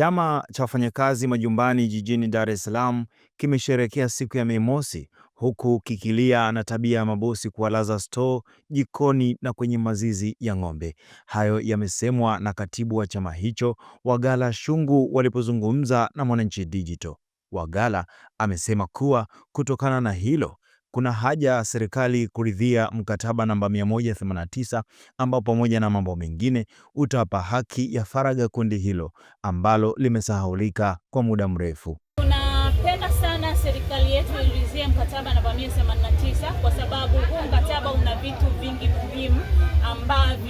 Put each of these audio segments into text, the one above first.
Chama cha wafanyakazi majumbani jijini Dar es Salaam kimesherehekea siku ya Mei Mosi huku kikilia na tabia ya mabosi kuwalaza stoo, jikoni na kwenye mazizi ya ng'ombe. Hayo yamesemwa na katibu wa chama hicho Wagala Shungu walipozungumza na Mwananchi Digital. Wagala amesema kuwa kutokana na hilo kuna haja ya serikali kuridhia mkataba namba 189 ambao pamoja na mambo mengine utawapa haki ya faragha kundi hilo ambalo limesahaulika kwa muda mrefu. Tunapenda sana serikali yetu iridhie mkataba namba 189 kwa sababu huu mkataba una vitu vingi muhimu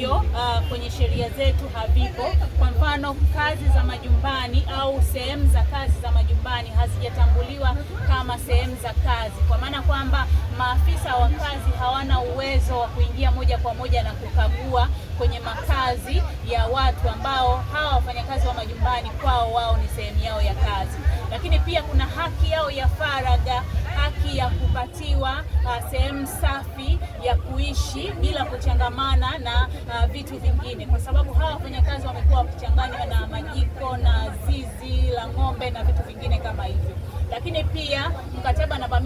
ambavyo uh, kwenye sheria zetu havipo. Kwa mfano, kazi za majumbani au sehemu za kazi za majumbani hazijatambuliwa kama sehemu za kazi, kwa maana kwamba maafisa wa kazi hawana uwezo wa kuingia moja kwa moja na kukagua kwenye makazi ya watu ambao hawa wafanyakazi wa majumbani kwao wao ni sehemu yao ya kazi, lakini pia kuna haki yao ya faragha, haki kupatiwa uh, sehemu safi ya kuishi bila kuchangamana na uh, vitu vingine, kwa sababu hawa wafanyakazi wamekuwa wakichanganywa na majiko na zizi la ng'ombe na vitu vingine kama hivyo. Lakini pia mkataba namba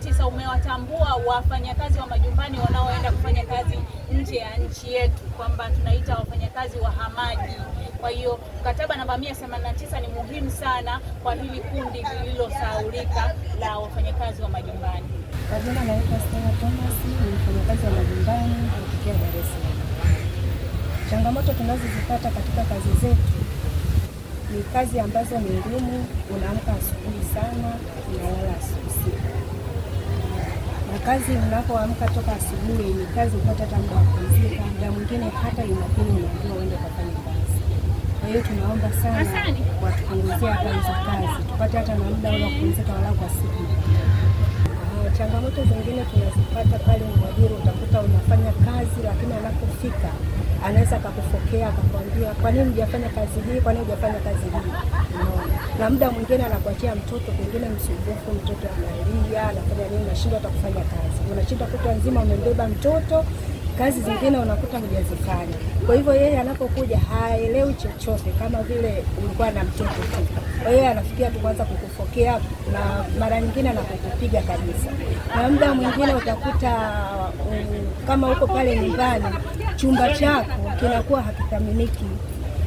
tisa umewatambua wafanyakazi wa majumbani wanaoenda kufanya kazi nje ya nchi yetu, kwamba tunaita wafanyakazi wahamaji. Kwa hiyo mkataba namba tisa ni muhimu sana kwa hili kundi lililosahaulika la wafanyakazi wa majumbani. Kwa jina naitwa Stella Thomas, ni mfanyakazi wa majumbani kutoka Dar es Salaam. Changamoto tunazozipata katika kazi zetu ni kazi ambazo ni ngumu. Unaamka asubuhi sana, unalala asubuhi, na kazi unapoamka toka asubuhi ni kazi upata hata muda wa kupumzika, muda mwingine hata inabidi unaambiwa uende kufanya kazi. Kwa hiyo tunaomba sana watupunguzia hata hizo kazi, tupate hata na muda wa kupumzika walau kwa siku. Changamoto zingine tunazipata pale mwajiri, utakuta unafanya kazi, lakini anapofika anaweza akakufokea akakwambia, kwa nini hujafanya kazi hii? Kwa nini hujafanya kazi hii? Na muda mwingine anakuachia mtoto pengine msumbufu, mtoto analia, anafanya nini, nashindwa hata kufanya kazi, unashinda kutwa nzima umembeba mtoto kazi zingine unakuta hujazifanya. Kwa hivyo yeye anapokuja haelewi chochote, kama vile ulikuwa na mtoto tu. Kwa hiyo anafikia tu kwanza kukufokea na mara nyingine na kabisa, na muda mwingine utakuta um, kama uko pale nyumbani, chumba chako kinakuwa hakithaminiki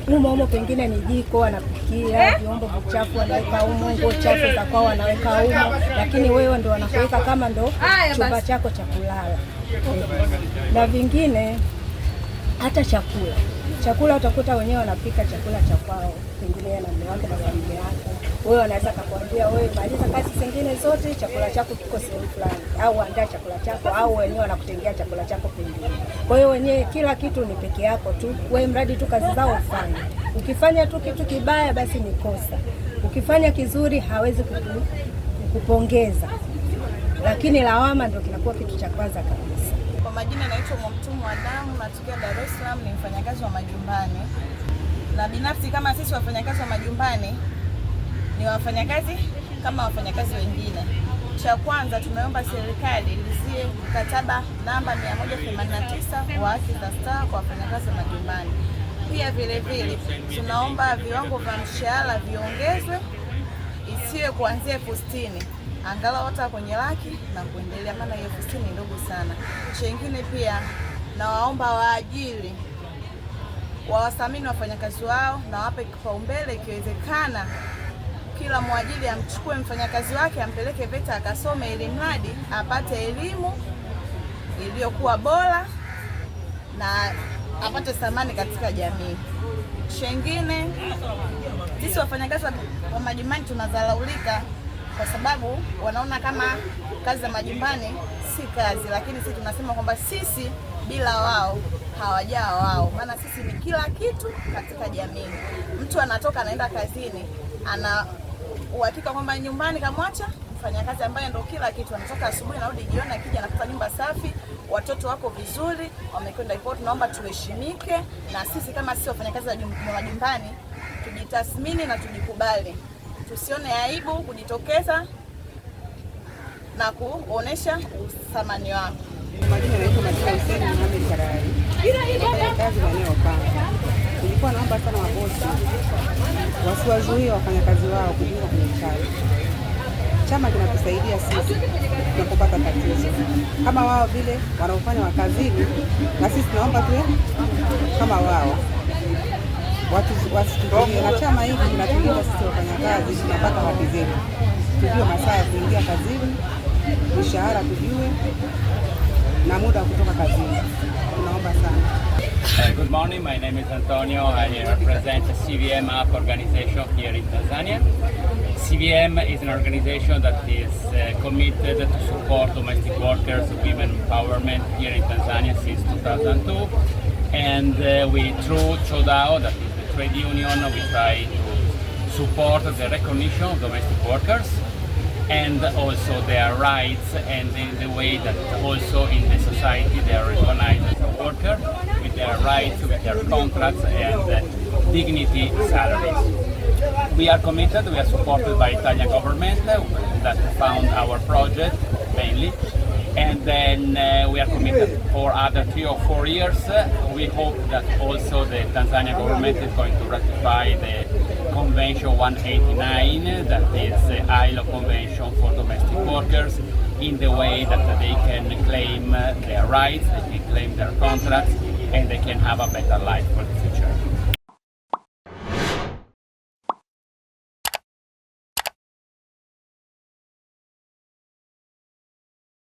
humo humo, pengine ni jiko anapikia, vyombo vichafu anaweka humo, nguo chafu za kwao anaweka humo, lakini wewe ndo wanakuweka kama ndo chumba chako cha kulala na vingine hata chakula chakula utakuta wenyewe wanapika chakula cha kwao, pengine na mume wake na familia yake. Wewe anaweza kakuambia wewe, maliza kazi zingine zote, chakula chako kiko sehemu fulani, au andaa chakula chako, au wenyewe wanakutengea chakula chako pengine. Kwa hiyo wenyewe kila kitu ni peke yako tu, wewe mradi tu kazi zao ufanye. Ukifanya tu kitu kibaya, basi ni kosa. Ukifanya kizuri, hawezi kuku, kukupongeza lakini lawama ndio kinakuwa kitu cha kwanza kabisa. Kwa majina naitwa Mwamtumu Damu, natokea Dar es Salaam, ni mfanyakazi wa majumbani, na binafsi kama sisi wafanyakazi wa majumbani ni wafanyakazi kama wafanyakazi wengine. Cha kwanza tumeomba serikali ilizie mkataba namba 189 wa haki za staa kwa wafanyakazi wa majumbani. Pia vile vile tunaomba viwango vya mshahara viongezwe, isiwe kuanzia elfu sitini angalau hata kwenye laki na kuendelea, maana hiyo ofisi ni ndogo sana. Chengine pia nawaomba waajiri wawathamini wafanyakazi wao na wape kipaumbele, ikiwezekana kila mwajiri amchukue mfanyakazi wake ampeleke VETA akasome, ili mradi apate elimu iliyokuwa bora na apate thamani katika jamii. Chengine sisi wafanyakazi wa majumbani tunadharaulika kwa sababu wanaona kama kazi za majumbani si kazi, lakini sisi tunasema kwamba sisi bila wao hawajaa wao, maana sisi ni kila kitu katika jamii. Mtu anatoka anaenda kazini, ana uhakika kwamba nyumbani kamwacha mfanyakazi ambaye ndio kila kitu, anatoka asubuhi, anarudi jioni, akija anakuta nyumba safi, watoto wako vizuri, wamekwenda hivyo. Tunaomba tuheshimike, na sisi kama sisi wafanyakazi wa majumbani tujitathmini na tujikubali tusione aibu kujitokeza na kuonesha uthamani wako. Majina yanaitwa Matilda Hussein Mohamed Karai, Nilikuwa naomba sana mabosi wasiwazuie wafanyakazi wao kujiunga kwenye chama. Chama kinatusaidia sisi tunapopata tatizo, kama wao vile wanaofanya wakazini, na sisi tunaomba tuwe kama wao wasichukulie na chama hiki kinatulinda sisi wafanyakazi, tunapata haki zetu, tujue masaa ya kuingia kazini, mishahara tujue na muda wa kutoka kazini. Tunaomba sana. Uh, good morning. My name is Antonio. I uh, represent CVM Up organization here in Tanzania. CVM is an organization that is uh, committed to support domestic workers, women empowerment here in Tanzania since 2002. And uh, we through CHODAO, that trade union, we try to support the recognition of domestic workers and also their rights and the way that also in the society they are recognized as a worker with their rights, with their contracts and dignity salaries. We are committed, we are supported by Italian government that found our project mainly and then uh, we are committed for other three or four years. We hope that also the Tanzania government is going to ratify the Convention 189, that is the ILO Convention for domestic workers, in the way that they can claim their rights, they can claim their contracts, and they can have a better life for the future.